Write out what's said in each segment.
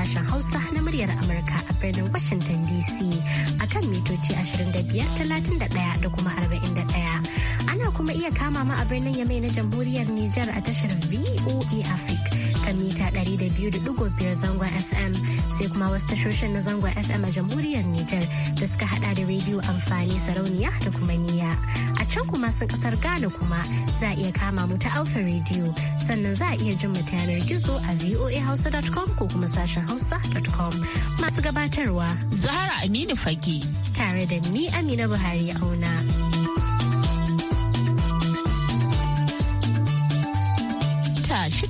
sashen Hausa na muryar Amurka a birnin Washington DC a kan mitoci 25,31 da kuma 41. Ana kuma iya kama ma a birnin Yamai na Jamhuriyar Nijar a tashar VOA Africa akan mita 200.5 zangon FM sai kuma wasu tashoshin na zangon FM a jamhuriyar Nijar da suka hada da rediyo amfani sarauniya da kuma niya. A can kuma sun kasar Ghana kuma za a iya kama mu ta Alfa rediyo sannan za a iya jin mu ta yanar gizo a voahausa.com ko kuma sashen hausa.com masu gabatarwa. Zahara Aminu Fage. Tare da ni Amina Buhari auna.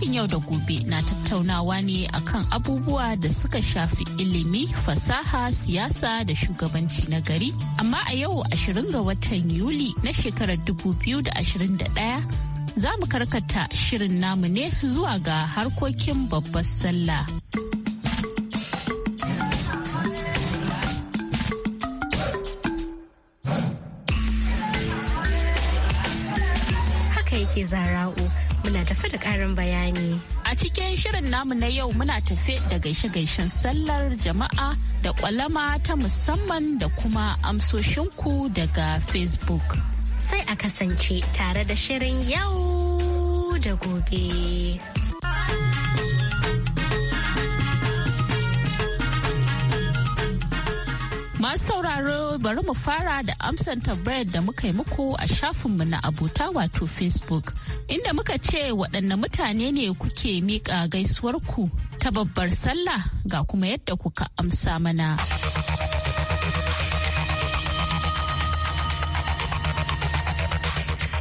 Shirin yau da gobe na tattaunawa ne akan abubuwa da suka shafi ilimi, fasaha, siyasa da shugabanci na gari. Amma a yau 20 ga watan Yuli na shekarar 2021 za mu karkata shirin namu ne zuwa ga harkokin babbar sallah. Haka yake zara'u. muna tafe da karin bayani. A cikin shirin namu na yau muna tafe da gaishe-gaishen sallar jama'a da kwalama ta musamman da kuma amsoshinku daga Facebook. Sai a kasance tare da shirin yau da gobe. Masu sauraro bari mu fara da amsan tambayar da muka yi muku a shafinmu na abota wato Facebook inda muka ce waɗanne mutane ne kuke miƙa gaisuwarku ta babbar sallah ga kuma yadda kuka amsa mana.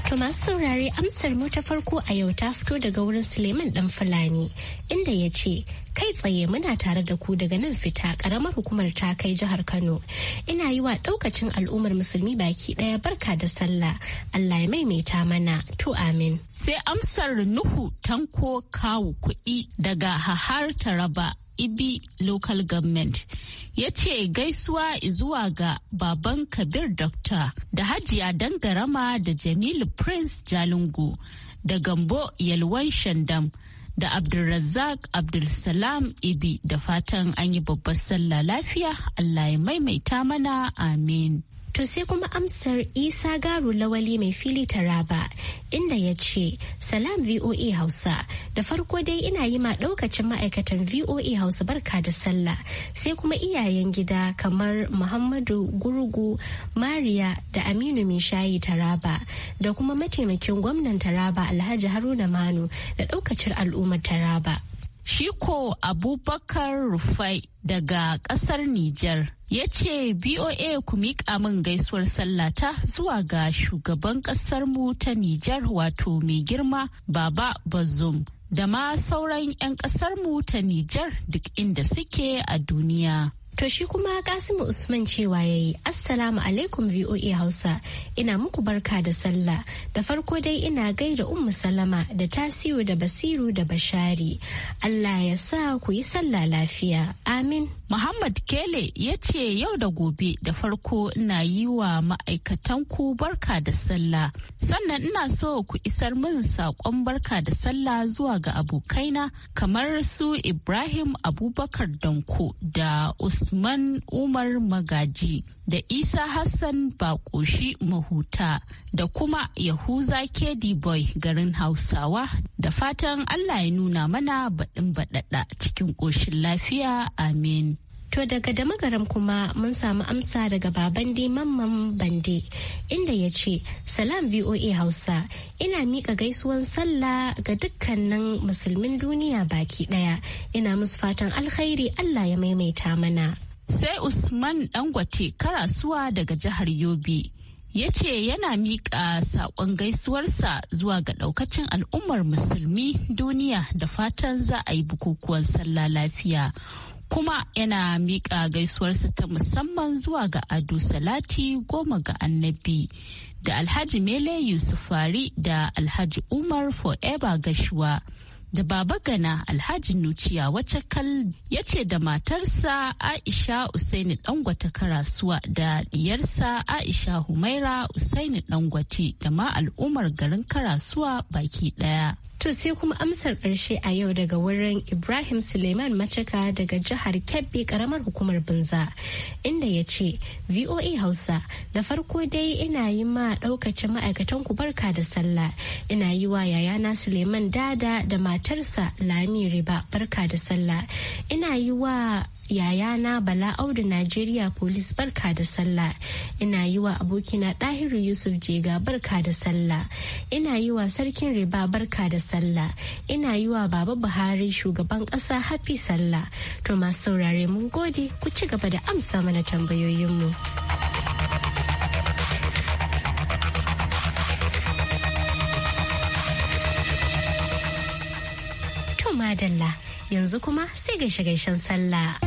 To masu saurare amsar mu ta farko a yau ta fito daga wurin Suleiman dan Fulani inda ya ce kai tsaye muna tare da ku daga nan fita karamar hukumar ta kai jihar Kano. Ina yi wa daukacin al'ummar musulmi baki daya barka da sallah Allah ya maimaita mana to amin. Sai amsar Nuhu tanko kawu kuɗi daga Hahar Taraba ibi local government ya ce gaisuwa zuwa ga baban kabir doctor da hajiya dangarama da jamilu prince jalingo da gambo yalwan shandam da abdulrazak abdulsalam ibi da fatan an yi babbar sallah lafiya allah ya maimaita mana amin To sai kuma amsar Isa Garu Lawali mai fili Taraba inda ya ce, Salam VOA Hausa, da farko dai ina yi ma ɗaukacin ma'aikatan VOA Hausa barka da sallah sai kuma iyayen gida kamar Muhammadu Gurgu, Mariya da Aminu Mishayi Taraba da kuma mataimakin gwamnan Taraba Alhaji Haruna Manu da ɗaukacin al'ummar Taraba. Shiko Abubakar Rufai daga ƙasar Nijar. ya ce BOA ku miƙa min gaisuwar sallata zuwa ga shugaban mu ta Nijar wato mai girma Baba Bazum da ma sauran 'yan mu ta Nijar duk inda suke a duniya. To shi kuma Kasimu Usman cewa ya yi Assalamu alaikum VOA Hausa ina muku barka da sallah da farko dai ina gaida Ummu Salama da Tasiu da Basiru da Bashari. Allah ya sa ku yi sallah lafiya. Amin. Muhammad Kele ya ce yau da gobe da farko ina yi wa ma'aikatanku barka da sallah sannan ina so ku isar min saƙon barka da sallah zuwa ga abokaina kamar su Ibrahim Abubakar Danko da Usman Umar Magaji da isa hassan bakoshi mahuta da kuma yahuza kedi boy garin hausawa da fatan allah ya nuna mana baɗin baɗaɗa cikin ƙoshin lafiya amin To daga da magaram kuma mun samu amsa daga babandi mamman bande inda ya ce salam VOA Hausa ina miƙa gaisuwan sallah ga dukkanin musulmin duniya baki ɗaya ina musu fatan alkhairi Allah ya maimaita mana. sai usman dangote karasuwa daga jihar yobe ya ce yana miƙa saƙon gaisuwarsa zuwa ga ɗaukacin al'ummar musulmi duniya da fatan za a yi bukukuwan sallah lafiya kuma yana miƙa gaisuwarsa ta musamman zuwa ga ado salati goma ga annabi da alhaji mele yusufari da alhaji umar forever gashuwa da baba gana alhaji nuciya wacce kal ya ce da matarsa aisha usaini dangwata karasuwa da diyarsa aisha humaira usaini dangwate da ma al'ummar garin karasuwa baki daya To sai kuma amsar ƙarshe a yau daga wurin Ibrahim Suleiman macaka daga jihar Kebbi ƙaramar hukumar Binza inda ya ce VOA Hausa da farko dai ina yi ma ɗaukacin ma'aikatan ku barka da sallah ina yi wa yayana Suleiman Dada da matarsa Lami Riba barka da sallah ina yi wa yayana bala audu najeriya police barka da sallah ina yi wa abokina ɗahiru yusuf jega barka da sallah ina yi wa sarkin riba barka da sallah ina yi wa baba buhari shugaban ƙasa hafi sallah to masu saurare mun gode ku ci gaba da amsa mana tambayoyinmu. To madalla yanzu kuma sai gaishe-gaishen sallah.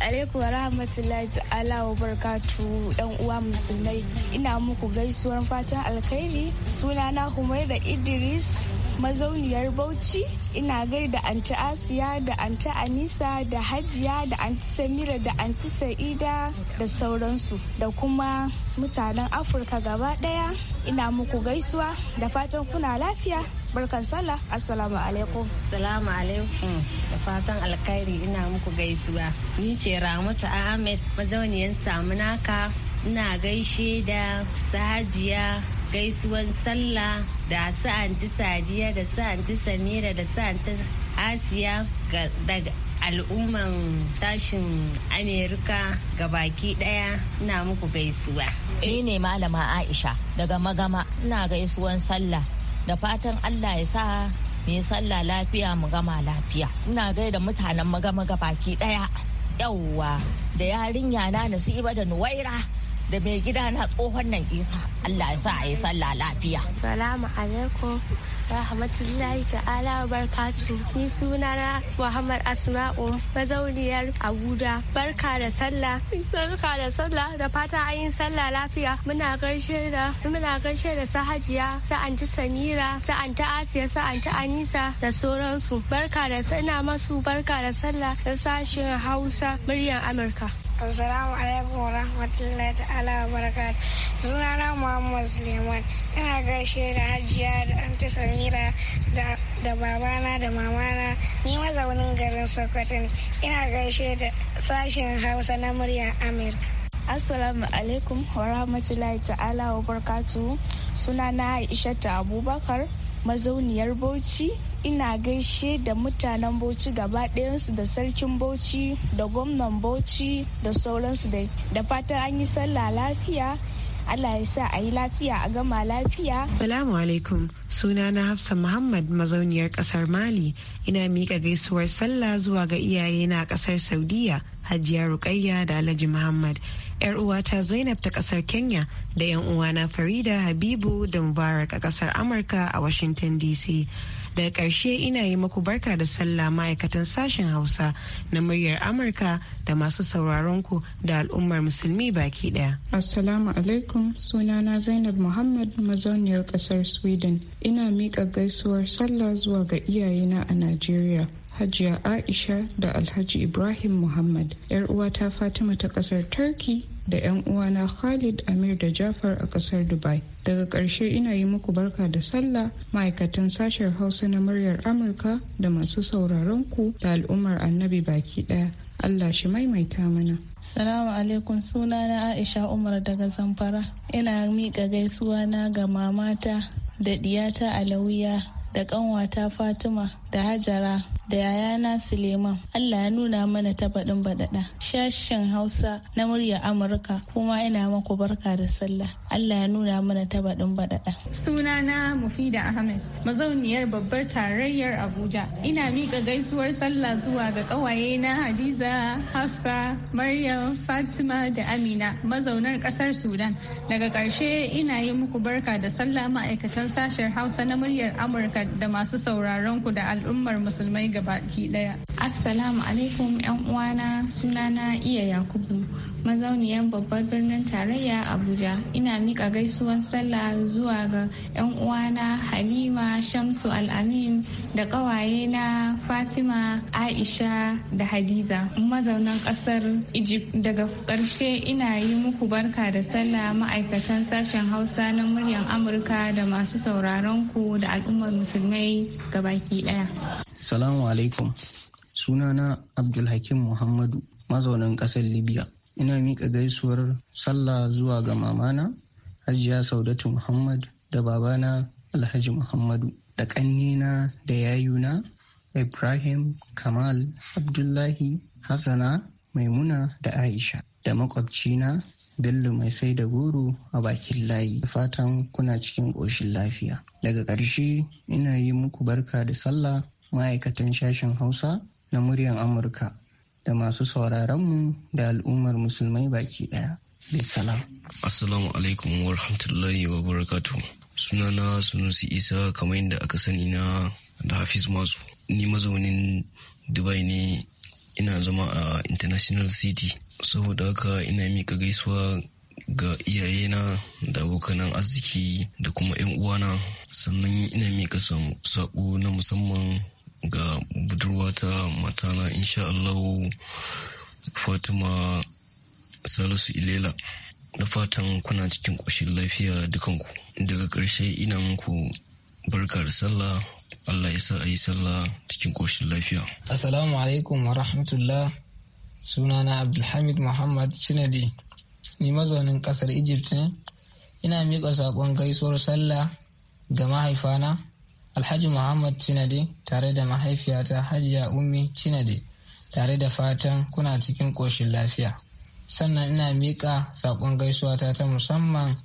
alaikum wa rahmatullahi ta'ala wa barkatu yan uwa musulmai. Ina muku gaisuwar fatan alkhairi. suna Sunana Humaira Idris mazauniyar Bauchi ina gai da anti Asiya da anti Anisa da Hajiya da anti Samira da anti Sa'ida da sauransu da kuma mutanen Afirka gaba daya ina muku gaisuwa da fatan kuna lafiya barkan sallah assalamu alaikum assalamu alaikum da fatan alkhairi ina muku gaisuwa ni ce ramatu ahmed mazauniyar samunaka ina gaishe da sahajiya gaisuwan sallah da su anti sadiya da su samira da su anti asiya daga al'umman tashin amerika ga baki daya na muku gaisuwa ni ne malama aisha daga magama na gaisuwan sallah da fatan allah ya sa mai sallah lafiya mu gama lafiya ina gaida mutanen magama ga baki daya yauwa da yarinya na nasiba da nuwaira da mai gida na tsohon nan isa Allah ya sa a yi sallah lafiya. Salamu alaikum rahmatullahi ta'ala wa barkatu ni suna na Muhammad Asma'u mazauniyar Abuja barka da sallah barka da sallah da fata an yi sallah lafiya muna gaishe da muna gaishe da sahajiya sa anti Samira sa anti Asiya sa anti Anisa da sauransu barka da ina masu barka da sallah da sashen Hausa muryar Amurka. Assalamu alaikum wa rahmatullahi ta'ala wa suna na Muhammad Suleiman. Ina gaishe da Hajiya da Anti Samira da babana da mamana. Ni mazaunin garin Sokoto ne. Ina gaishe da sashen Hausa na muryar Amurka. Assalamu alaikum wa rahmatullahi ta'ala wa barakatuhu. na Aisha Abubakar. mazauniyar Bauchi. Ina gaishe da mutanen Bauchi gaba ɗayansu da sarkin Bauchi da gwamnan Bauchi da sauransu dai. Da fatan an yi sallah lafiya Allah ya sa a yi lafiya a gama lafiya. Salamu alaikum suna na Hafsa Muhammad mazauniyar kasar Mali ina miƙa gaisuwar sallah zuwa ga iyayena na kasar Saudiya Hajiya Rukayya da Alhaji Muhammad 'yar uwata zainab ta kasar kenya da 'yan uwana farida habibu da mubarak a kasar amurka a washington dc daga ƙarshe ina yi maku barka da sallah ma'aikatan sashen hausa na muryar amurka da masu sauraron ku da al'ummar musulmi baki daya assalamu alaikum sunana zainab muhammad mazauniyar kasar sweden ina miƙa gaisuwar sallah zuwa ga iyayena a najeriya hajiya aisha da alhaji ibrahim muhammad yar uwata fatima ta kasar turkey da 'yan uwana Khalid Amir da Jafar a kasar Dubai. Daga ƙarshe ina yi muku barka da sallah ma'aikatan sashen Hausa na muryar Amurka da masu sauraron ku da al'ummar annabi baki ɗaya. Allah shi maimaita mana. Salamu alaikum suna na Aisha Umar daga Zamfara. Ina miƙa gaisuwa na ga mamata da ɗiyata Alawiya da ƙanwata Fatima da Hajara da yayana Suleiman. Allah ya nuna mana ta faɗin baɗaɗa. Shashin Hausa na murya Amurka kuma ina maku barka da sallah. Allah ya nuna mana ta faɗin baɗaɗa. Sunana Mufida Ahmed, mazauniyar babbar tarayyar Abuja. Ina miƙa gaisuwar sallah zuwa ga ƙawaye na Hadiza, Hafsa, Maryam, Fatima da Amina, mazaunar ƙasar Sudan. Daga ƙarshe ina yi muku barka da sallah ma'aikatan sashen Hausa na muryar Amurka da masu sauraron ku da al al'ummar musulmai gabaki daya. Assalamu alaikum yan uwana sunana iya Yakubu mazauniyar babbar birnin tarayya Abuja. Ina mika gaisuwan sallah zuwa ga yan uwana Halima Shamsu Al'amin da kawaye na Fatima Aisha da Hadiza mazaunan kasar Egypt daga karshe ina yi muku barka da sallah ma'aikatan sashen Hausa na muryar Amurka da masu sauraron ku da al'ummar musulmai gabaki daya. Salamu alaikum. Sunana Abdulhakim Muhammadu, mazaunin ƙasar Libya. Ina miƙa gaisuwar sallah zuwa ga mamana, Hajiya Saudatu Muhammad da babana Alhaji Muhammadu da ƙannena da yayuna Ibrahim Kamal Abdullahi Hassana Maimuna da Aisha da makwabcina Bello mai sai da goro a bakin layi. Da Fatan kuna cikin ƙoshin lafiya. Daga ƙarshe ina yi muku barka da sallah ma'aikatan shashin Hausa na muryar Amurka da masu sauraronmu da al'ummar musulmai baki ɗaya. Bisalam. Assalamu alaikum wa rahmatullahi wa barakatu. Sunana Sunusi Isa kamar yadda aka sani na da Hafiz Masu. Ni mazaunin Dubai ne ina zama a International City. saboda haka ina mika gaisuwa ga iyayena da abokanan arziki da kuma 'yan uwana sannan ina mika saƙo na musamman ga budurwata matana insha Allah Fatima Salisu Ilela da fatan kuna cikin ƙoshin lafiya dukanku daga ƙarshe ina muku barka da sallah Allah ya sa a yi sallah cikin ƙoshin lafiya. Assalamu alaikum wa rahmatullah sunana abdulhamid muhammad chinadi ni mazaunin kasar egypt ne ina miƙa saƙon gaisuwar sallah ga mahaifana alhaji muhammad cinade tare da mahaifiyata hajiya ummi cinade tare da fatan kuna cikin ƙoshin lafiya sannan ina miƙa saƙon gaisuwata ta musamman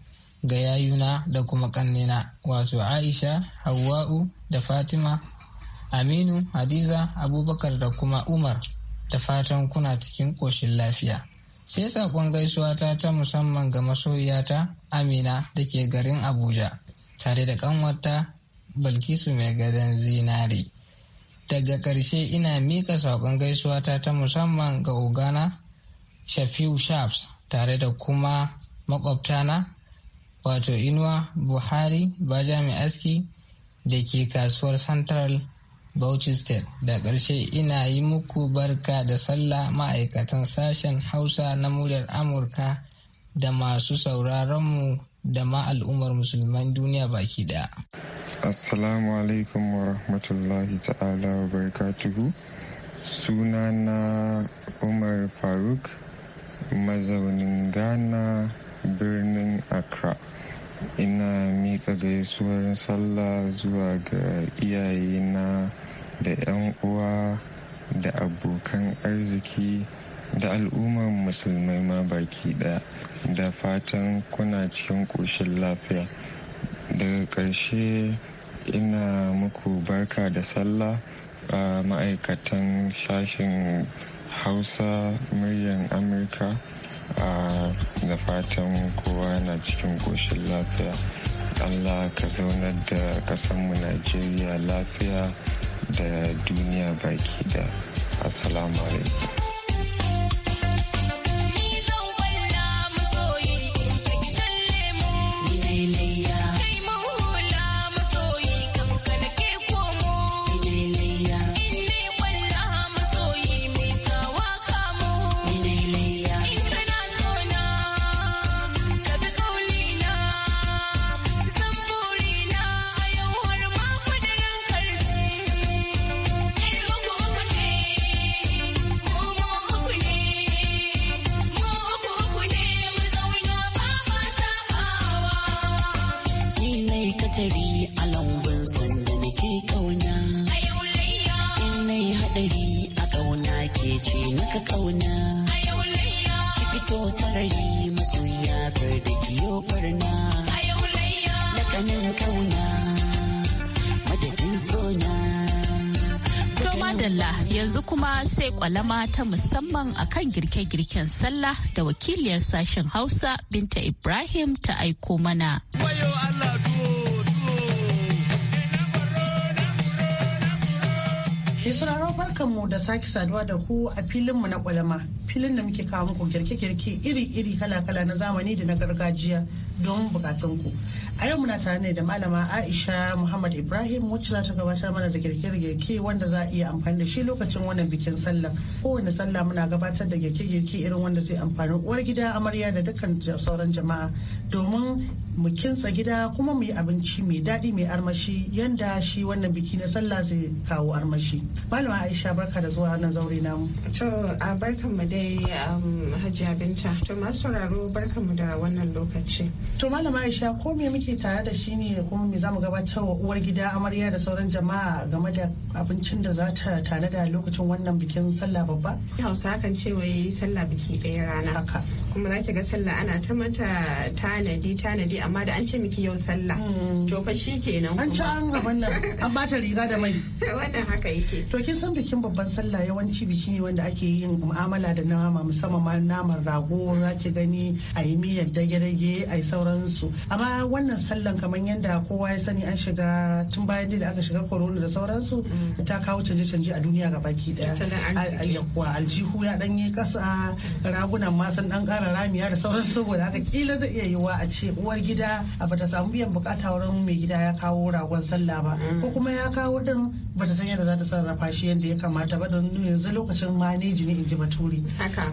ga yayuna da kuma ƙannena wato aisha hawwa'u da fatima aminu hadiza abubakar da kuma umar da fatan kuna cikin ƙoshin lafiya. Sai saƙon gaisuwa ta musamman ga masoyiyata Amina da ke garin Abuja, tare da ƙanwarta Balkisu mai gadon zinari. Daga ƙarshe ina mika saƙon gaisuwa ta musamman ga Ogana Shafiu Shafs tare da kuma makwabtana wato Inuwa Buhari Baja mai aski da ke kasuwar Central Bauchi Da ƙarshe ina yi muku barka da sallah ma'aikatan sashen Hausa na muryar Amurka da masu sauraronmu da ma al'ummar musulman duniya baki ɗaya. Assalamu alaikum wa rahmatullahi ta'ala wa barakatuhu. na Umar Faruk mazaunin Ghana birnin Accra. ina miƙa gaisuwar sallah zuwa ga iyayena da 'yan uwa da abokan arziki da al'ummar musulmai ma baki ɗaya da fatan kuna cikin ƙoshin lafiya daga ƙarshe ina muku barka da sallah a ma'aikatan sashen hausa muryar amurka da fatan kowa na cikin ƙoshin lafiya allah ka zaunar da kasanmu najeriya lafiya da duniya baki da assalamu alaikum kalama ta musamman akan girke-girken sallah da wakiliyar sashen Hausa Binta Ibrahim ta aiko mana. Isra'o barkanmu da sake saduwa da ku a filinmu na kwalama filin da muke kawo muku girke-girke iri-iri kala-kala na zamani da na gargajiya don bukatunku a yau muna tare ne da malama aisha muhammad ibrahim wacce za ta gabatar mana da girke-girke wanda za a iya amfani da shi lokacin wannan bikin sallah kowane sallah muna gabatar da girke-girke irin wanda zai amfani uwar gida amarya da dukkan sauran jama'a domin mu kintsa gida kuma mu yi abinci mai daɗi mai armashi yanda shi wannan biki na sallah zai kawo armashi malama aisha barka da zuwa nan zaure namu to a barkan mu dai um, Hajji Abinta. to masu sauraro barkan mu da wannan lokaci to malama aisha ko me muke tare da shi ne kuma me zamu gabatar wa uwar gida amarya da sauran jama'a game da abincin da za ta tare da lokacin wannan bikin sallah babba hausa kan ce wai sallah biki ɗaya rana haka kuma za ki ga sallah ana ta mata tanadi tanadi a amma da an ce miki yau sallah hmm. to fa shi kuma. an ci an gaban nan an bata riga da mai wannan haka yake to kin san bikin babban sallah yawanci biki ne wanda ake yin mu'amala da nama musamman ma naman rago zaki gani a yi miyar dage-dage a yi sauransu amma wannan sallan kamar yadda kowa ya sani an shiga tun bayan da aka shiga corona da sauransu hmm. ta kawo canje-canje a duniya ga baki daya yakuwa aljihu ya dan yi kasa hmm. ragunan ma sun dan kara ramiya da sauransu saboda haka kila zai iya yiwa a ce uwar gida gida a bata samu biyan bukata wurin mai gida ya kawo ragon sallah ba mm. ko kuma ya kawo din ba ta san yadda za ta sarrafa shi yadda ya kamata ba don yanzu lokacin ma ne in ji baturi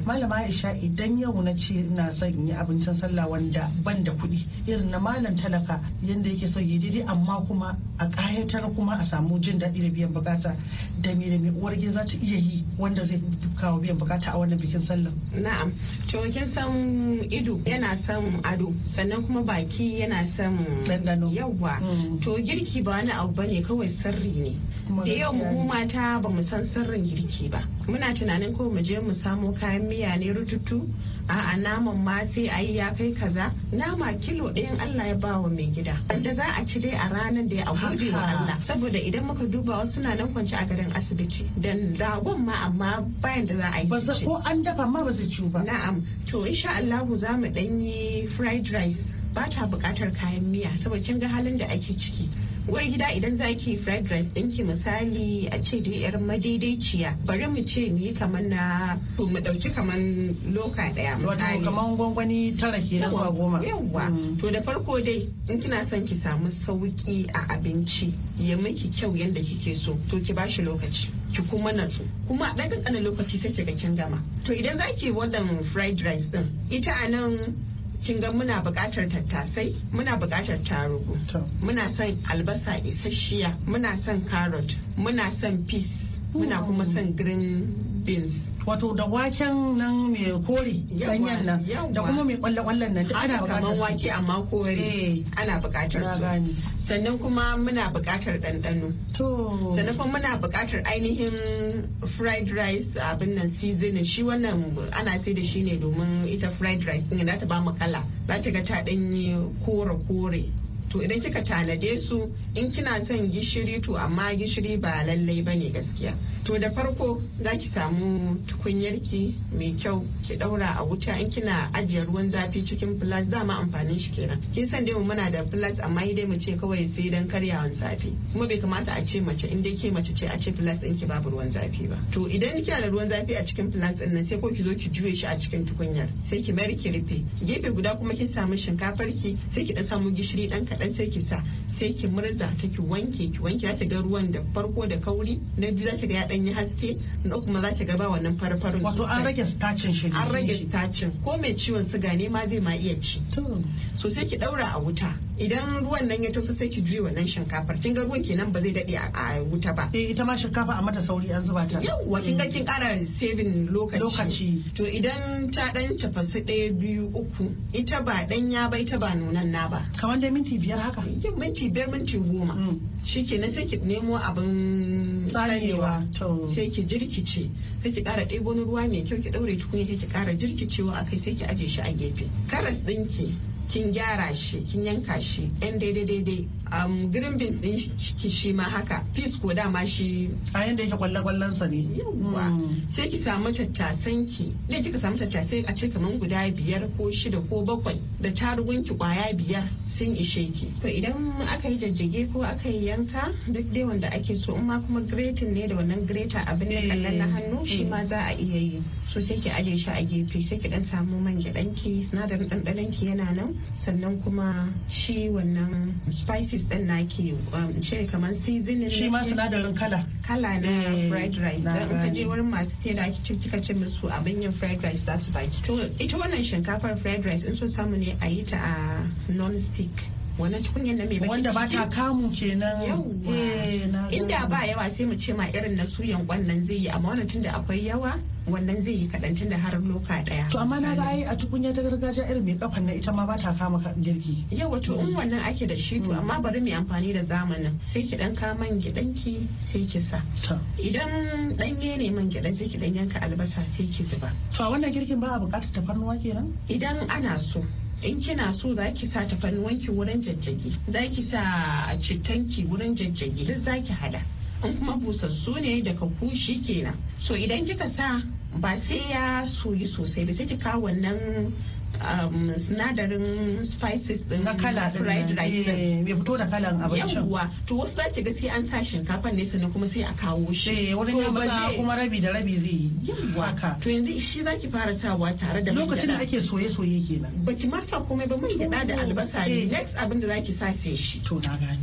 malama aisha idan yau na ce na son yi abincin sallah wanda ban da kuɗi irin na malam talaka yadda yake so yi daidai amma kuma a ƙayatar kuma a samu jin daɗi da biyan bukata da me da me uwar gida za ta iya yi wanda zai kawo biyan bukata a wannan bikin sallah na'am to kin san ido yana son ado sannan kuma baki yana son ɗanɗano yawwa mm. to girki ba wani abu bane kawai sirri ne da yau mu mata ba mu san sirrin girki ba muna tunanin ko mu je mu samo kayan miya ne rututu a'a naman ma sai ayi ya kai kaza nama kilo ɗayan Allah ya ba wa mai gida wanda za a ci dai a ranar da ya gode wa Allah saboda idan muka duba wasu na nan kwance a garin asibiti dan ragon ma amma bayan da za a yi ci ko an dafa ma ba su ci ba na'am to insha Allah za mu ɗanyi fried rice ba ta buƙatar kayan miya saboda kin ga halin da ake ciki uwar gida idan za ki fried rice ɗinki misali a ce dai yar madaidaiciya bari mu ce mu yi kamar na to mu ɗauki kamar loka ɗaya misali kamar gwangwani tara ke na ba goma Yawa mm. to da farko dai in kina son ki samu sauki a abinci ya miki kyau yadda kike so to ki bashi lokaci ki kuma natsu kuma a ɗan lokaci sai ki ga kin gama to idan za ki wadan fried rice din ita anan. kin ga muna buƙatar tattasai muna buƙatar tarugu muna son albasa isasshiya muna son carrot muna son peas muna kuma son green beans wato da waken nan mai kore ganyen nan da kuma mai kwalle kwallen nan duk ana kamar wake amma kore eh. ana bukatar su sannan kuma muna bukatar ɗanɗano sannan kuma muna bukatar ainihin fried rice abin nan season shi wannan ana sai da shi ne domin ita fried rice din za ta ba mu kala za ta ga ta ɗanyi kore kore to idan kika tanade su in kina son gishiri to amma gishiri ba lallai bane gaskiya to da farko za ki samu tukunyarki mai kyau ki daura a wuta in kina ajiye ruwan zafi cikin flask dama amfanin shi kenan kin san dai mu muna da flas amma dai mu ce kawai sai dan karyawan zafi kuma bai kamata a ce mace in dai ke mace ce a ce flas ɗin ki babu ruwan zafi ba to idan kina da ruwan zafi a cikin flas din nan sai ko ki zo ki juye shi a cikin tukunyar sai ki mayar ki rufe gefe guda kuma kin samu shinkafar ki sai ki dan samu gishiri dan kadan sai ki sa sai ki murza ta ki wanke ki wanke za ta ga ruwan da farko da kauri na biyu za ta ga ya an yi haske na uku ma za ki ga wannan farfarin wato an rage stacin shi an rage stacin ko mai ciwon suga ne ma zai ma iya ci to so sai ki daura a wuta idan ruwan nan ya tausa sai ki juye wannan shinkafar kin ga ruwan kenan ba zai dade a wuta ba eh ita ma shinkafa a mata sauri an zuba ta yawa kin ga eh. kin kara saving lokaci lokaci to idan ta dan tafasa ɗaya biyu uku ita ba danya ba ita ba nunan na ba kamar dai minti biyar haka yin minti biyar minti goma mm. shikenan sai ki nemo abin tsarewa sai ki jirkice sai ki kara ɗebo ruwa mai kyau ki daure tukunya sai ki kara jirkicewa akai sai ki aje shi a gefe karas ɗinki kin gyara shi kin yanka shi yan daidai daidai um, green beans din shi shi ma haka peace ko dama shi a yanda yake kwalle kwallon sa ne yawwa hmm. sai ki samu tattasan ki ne kika samu tattasai a ce kaman guda biyar ko shida ko bakwai da tarugun ki kwaya biyar sun ishe ki to idan aka yi jajjage ko aka yi yanka duk dai wanda ake so in ma kuma grating ne da wannan grater abin da kallon na eh. hannu shi ma hmm. za a iya yi so sai ki aje shi a gefe sai ki dan samu man gyaɗan ki sinadarin ɗanɗanonki ki yana nan sannan kuma shi wannan spicy spices din naki um, ce kamar seasoning shi ma sinadarin kala kala na eh, fried rice dan ka je wurin masu sai da ake kika ce musu abin yin fried rice za su baki to ita wannan shinkafar fried rice in so samu ne a yi ta a non stick wannan cikin na mai baki wanda ba ta kamu kenan yawa eh, inda ba yawa sai mu ce ma irin na suyan wannan zai yi amma wannan tunda akwai yawa wannan zai yi kadan tunda har loka daya To amma na ga a tukunya ta gargajiya irin mai kafan na ita ma ba ta kama girki. Yau wato in wannan ake da shi to mm. amma bari mu amfani da zamanin sai ki dan ka man ki sai ki sa. Idan dan ne man gidan sai ki dan yanka albasa sai ki zuba. To a wannan girkin ba a buƙatar tafarnuwa kenan? Idan ana so. in kina so za ki sa tafannuwanki wurin jajjage za ki sa cittanki wurin jajjage duk za ki hada in kuma busassu ne daga kushi kenan so idan kika sa ba sai ya soyi sosai ba sai ki kawo wannan Um, sinadarin spices din na kala fried rice din ya eh, fito da kalan abincin yawwa to wasu zaki gaskiya an sa shinkafa ne sannan kuma sai a kawo shi eh wurin ya masa kuma rabi da rabi zai yi ka to yanzu shi zaki fara sawa tare da lokacin da ake soye soye kenan baki ma sa komai ba mun gyada da albasa ne eh. next abin da zaki sa sai shi to na gani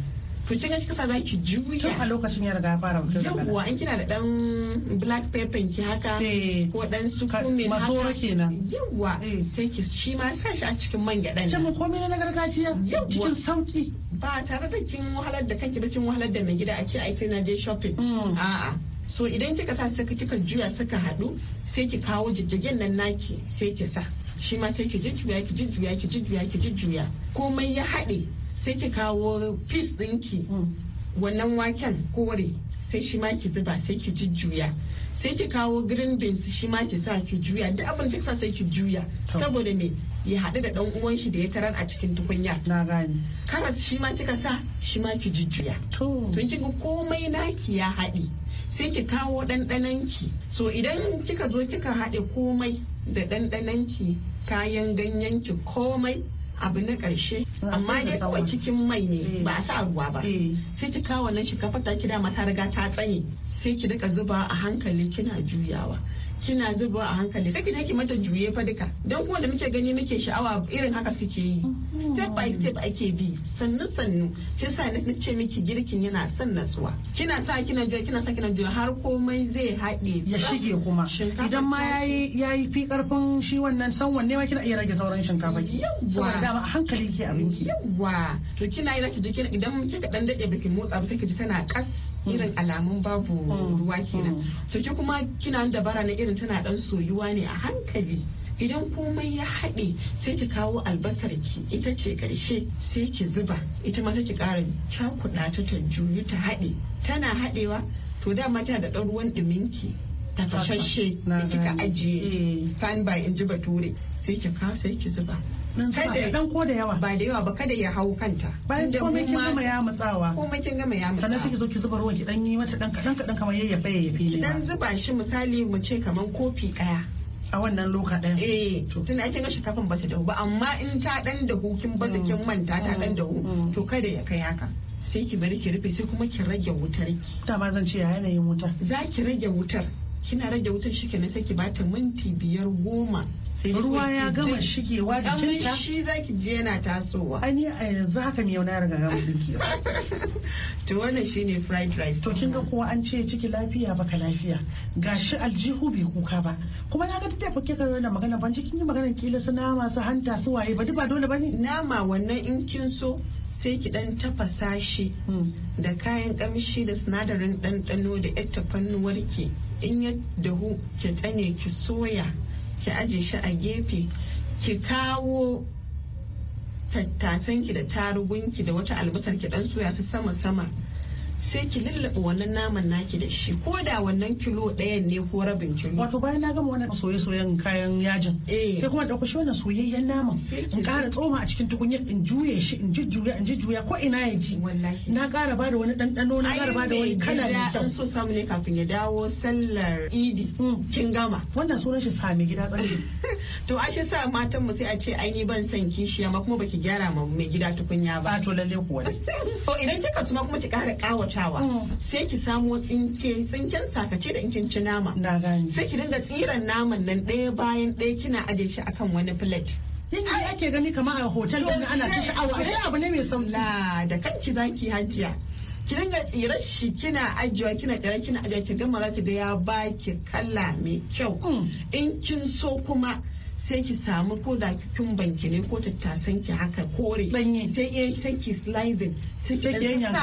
ku cikin cikin sa zaki juya a lokacin ya ya fara mutum yawwa an kina da dan black pepper ki haka eh, ko dan su kumin haka masoro kenan yawwa eh. sai ki shi ma sa shi a cikin man gyadan ce mu komai na gargajiya cikin sauki ba tare da kin wahalar da kanki ba kin wahalar da mai gida a ce ai sai na je shopping mm. a'a so idan kika sa sai kika juya suka haɗu sai ki kawo jijjigen nan naki sai ki sa shi ma sai ki jujjuya ki jujjuya ki jujjuya ki jujjuya komai ya haɗe sai ki kawo fis dinki. Mm. wannan waken kore sai shi ma ki zuba sai ki jujjuya sai ki kawo green beans shi ma ki sa ki juya duk abin duk sai ki juya saboda me ya haɗu da ɗan uwan shi da ya tarar a cikin tukunya na gani karas shi ma kika sa shi ma ki jujjuya to kin ga komai naki ya haɗi sai ki kawo ɗanɗanan ki so idan kika zo kika haɗe komai da ɗanɗanan ki kayan ganyen ki komai abu na ƙarshe amma dai kawai cikin mai ne eh. ba a sa ruwa ba eh. sai ki kawo nan shinkafa ta ki dama ta riga ta tsane sai ki rika zuba a hankali kina juyawa kina zuba a hankali kake je ki mata juye fa duka dan kuma da muke gani muke sha'awa irin haka suke yi step by step ake bi sannu sannu shi yasa na ce miki girkin yana son nasuwa kina sa kina juya kina sa kina juya har komai zai haɗe ya shige kuma idan ma yayi yayi fi karfin shi wannan san wanne ma kina iya rage sauran shinkafa ki yawa dama a hankali ki abinki yawa to kina yi zaki je idan kika dan dade biki motsa ba sai ki ji tana kas irin mm. alamun babu mm. ruwa kenan mm. to ki kuma kina dabara na irin tana dan soyuwa ne a hankali idan komai ya haɗe sai ki kawo albasar ki ita ce ƙarshe sai ki zuba ita ma sai ki ƙara cakuɗa ta ta juyi ta haɗe tana haɗewa to dama tana da ɗan ruwan ɗuminki tafashashe da kika ajiye stand by in ji bature sai ki kawo sai ki zuba kada dan ko da yawa ba da yawa ba kada ya hau kanta bayan komai kin gama ya matsawa komai kin gama ya matsawa sannan sai zo ki zuba ruwan ki dan yi mata dan kadan kadan kamar yayyafe yayyafe ki dan zuba shi misali mu ce kamar kofi daya a wannan loka ɗaya. Eh, tun ake ga shinkafin bata dahu ba amma in ta dan dahu kin bata kin mm. manta ta dan mm. dahu mm. to kada ya kai haka. Sai ki bari ki rufe sai kuma ki rage wutar ki. Dama zan ce ya yanayin wutar. Za ki rage wutar. kina rage wutar shi kenan sai ki ta minti biyar goma ruwa ya gama shigewa da jikinta shi zaki je yana tasowa an yi a yanzu haka yau na riga gama dinki to wannan shine fried rice to kin ga kowa an ce ciki lafiya baka lafiya gashi aljihu bai kuka ba kuma na ga duk da kuke kai wannan magana ban kin yi magana kila su nama su hanta su waye ba duk ba dole bane nama wannan in kin so sai ki dan tafasa shi hmm. da kayan kamshi da sinadarin ɗanɗano da yar ki. in ya dahu ki tsane ki soya ki aje shi a gefe ki kawo tattasanki da tarugunki da wata albasar ki dan soya su sama sama sai ki lullaba wannan naman naki da shi ko da wannan kilo ɗayan ne ko rabin kilo wato bayan na gama wannan soye-soyen kayan yajin eh. sai kuma ɗauko shi wannan soyayyen naman in ƙara tsoma a cikin tukunya in juye shi in jujjuya in jujjuya ko ina ya ji na ƙara bada wani ɗanɗano na ƙara bada wani kala da kyau so samu ne kafin ya dawo sallar idi hmm. kin gama wannan sunan shi sami gida tsaye to ashe sa matan mu sai a ce an yi ban san kishi amma kuma baki gyara ma mai gida tukunya ba to lalle kuwa to idan kika suma kuma ki ƙara ƙawata kyautatawa mm. sai ki samo tsinke tsinken sakace da in ci nama sai ki dinga tsiran naman nan ɗaya bayan ɗaya kina ajiye shi akan wani plate yadda ai ake gani kamar a hotel din ana ta sha'awa ashe abu ne mai sauki la da kanki zaki hajiya ki dinga tsirar shi kina ajiyewa kina tsira kina ajiyewa ki gama za ki ga ya baki kala mai kyau mm. in kin so kuma sai ki samu ko da kin banki ne ko tattasan ki haka kore sai eh, sai ki slicing sa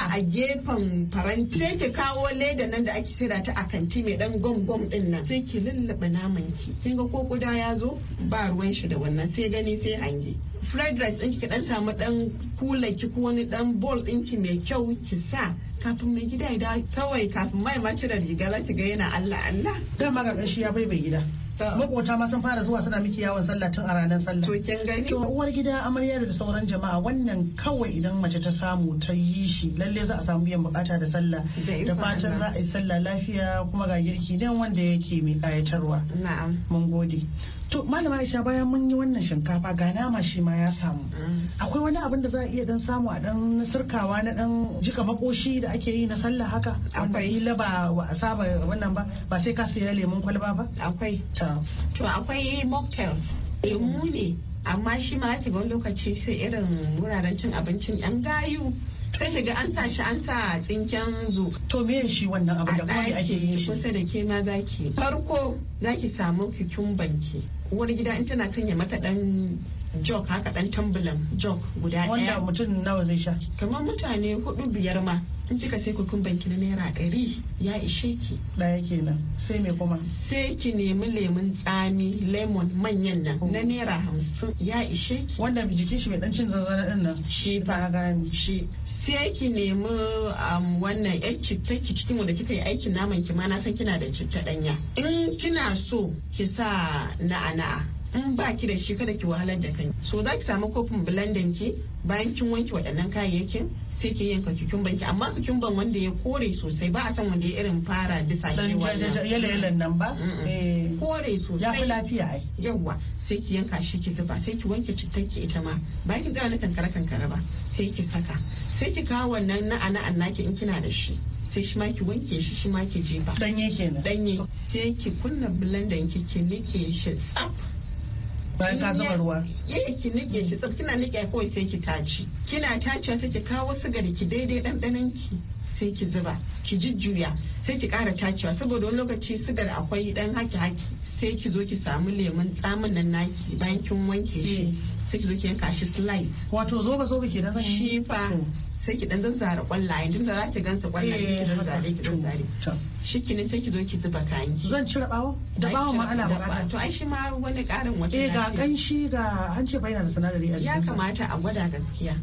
a gefen faranti sai ki kawo leda nan da ake saida ta a kanti mai dan gom gom din nan sai ki lullaba naman ki kin ga ko kuda ya zo ba ruwan shi da wannan sai gani sai hange fried rice din ki dan samu dan kula ki ko wani dan bowl ɗinki mai kyau ki sa kafin mai gida ya kawai kafin mai ma cire riga za ki ga yana Allah Allah dan ga shi ya bai bai gida makota ma sun fara zuwa suna miki yawon sallah tun a ranar sallah to kin gani to uwar gida amarya da sauran jama'a wannan kawai idan mace ta samu ta yi shi lalle za a samu biyan bukata da sallah da fatan za a yi sallah lafiya kuma ga girki dan wanda yake mai kayatarwa na'am mun gode to malama aisha bayan mun yi wannan shinkafa ga nama shi ma ya samu akwai wani abin da za a iya dan samu a dan sirkawa na dan jika makoshi da ake yi na sallah haka akwai laba wa saba wannan ba ba sai ka siya lemun kwalba ba akwai to akwai mocktails lemu ne amma shi ma wani lokaci sai irin wuraren cin abincin yan gayu sai ki ga an sa shi an sa tsinken zu to me shi wannan abu da kuma ake yin shi kusa da ke ma zaki farko zaki samu cucumber ki wani gida in tana sanya mata dan jog haka dan tambulan jog guda ɗaya. wanda mutum nawa zai sha kamar mutane hudu biyar ma in kika sai kukumban banki na naira ɗari ya ishe ki ɗaya kenan sai me kuma sai ki nemi lemun tsami lemon manyan nan na oh. naira hamsin ya ishe ki wanda jikin shi mai dan cin zanzana din nan shi fa gani shi sai ki nemi wannan yan citta ki cikin wanda kika yi aikin naman ki ma na san kina da citta danya in kina so ki sa na'a. in ba ki da shi kada ki wahalar da kai so za ki samu kofin blandan ki bayan kin wanke waɗannan kayayyakin sai ki yanka cucumber ki amma cucumber wanda ya kore sosai ba a san wanda ya irin fara bisa shi wannan yalayalan nan ba eh. kore sosai ya fi lafiya ai yawa sai ki yanka shi ki zuba sai ki wanke cittan ki ita ma bayan ki tsaya kankara kankara ba sai ki saka sai ki kawo wannan na ana naki in kina da shi sai shi ma ki wanke shi shi ma ki jefa danye kenan danye sai ki kunna blender ki ki nike shi tsaf bayan ka zuba ruwa ki nike shi tsaf kina nike kawai sai ki taci kina tacewa sai ki kawo sigari ki daidai ɗanɗanon ki sai ki zuba ki jujjuya sai ki kara tacewa saboda wani lokaci sugar akwai ɗan haki haki sai ki zo ki samu lemun tsamin nan naki bayan kin wanke shi eh. sai ki zo ki yanka shi slice wato zoba zoba ke da zan shi fa sai ki dan zazzara kwallaye duk da za ki gansa kwallaye ki eh, zare ki zazzare Shikinin sai ki zo ki zuba kayan ki zan cire bawo da bawo ma ana bukata to ai shi ma wani karin wata eh ga kanshi ga hanci bai da sinadari a ya kamata a gwada gaskiya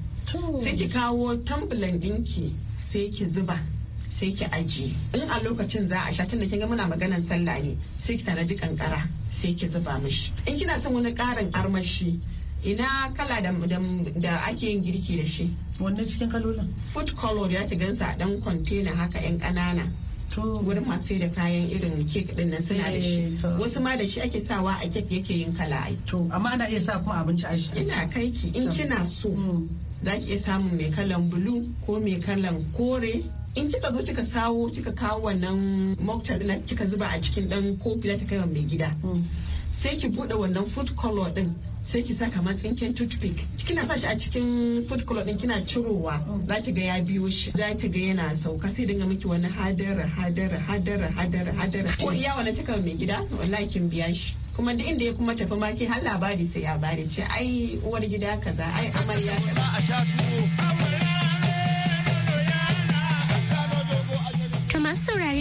sai ki kawo tambulan dinki sai ki zuba sai ki aji. in a lokacin za a sha da kin ga muna maganar sallah ne sai ki ji kankara sai ki zuba mishi in kina son wani karin armashi ina kala da ake yin girki da shi wanne cikin kalolin food color ya ki gansa a dan container haka yan kanana wurin masu da kayan irin cake din nan suna da shi eh, wasu ma da shi ake sawa a cake yake yin kala to amma ana iya sa kuma abinci a shi. ina kai ki in kina so hmm. za ki iya samun mai kalan bulu ko mai kalan kore in kika zo kika sawo kika kawo wannan mocktail na kika zuba a cikin dan kofi za ta kai wa mai gida hmm. sai ki bude wannan food color din sai ki sa kamar tsinken toothpick kina sa shi a cikin food color din kina cirowa mm. za ki ga ya biyo shi za ki ga yana sauka sai dinga miki wani hadara hadara hadara hadara hadara ko iya wani kika mai gida wallahi kin biya shi kuma duk inda ya kuma tafi ma ke har labari sai ya bari ce ai uwar gida kaza ai amarya kaza a sha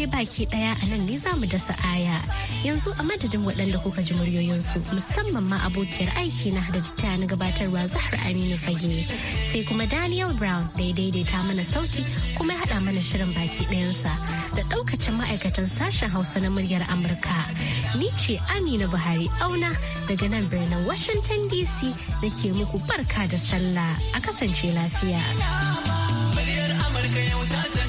baki daya a nan ne za mu dasa aya yanzu a madadin waɗanda kuka ji muryoyinsu musamman ma abokiyar aiki na da ta na gabatarwa zahar aminu fage sai kuma daniel brown da ya daidaita mana sauti kuma ya haɗa mana shirin baki ɗayansa da ɗaukacin ma'aikatan sashen hausa na muryar amurka ni ce amina buhari auna daga nan birnin washington dc da ke muku barka da sallah a kasance lafiya. Muryar Amurka ta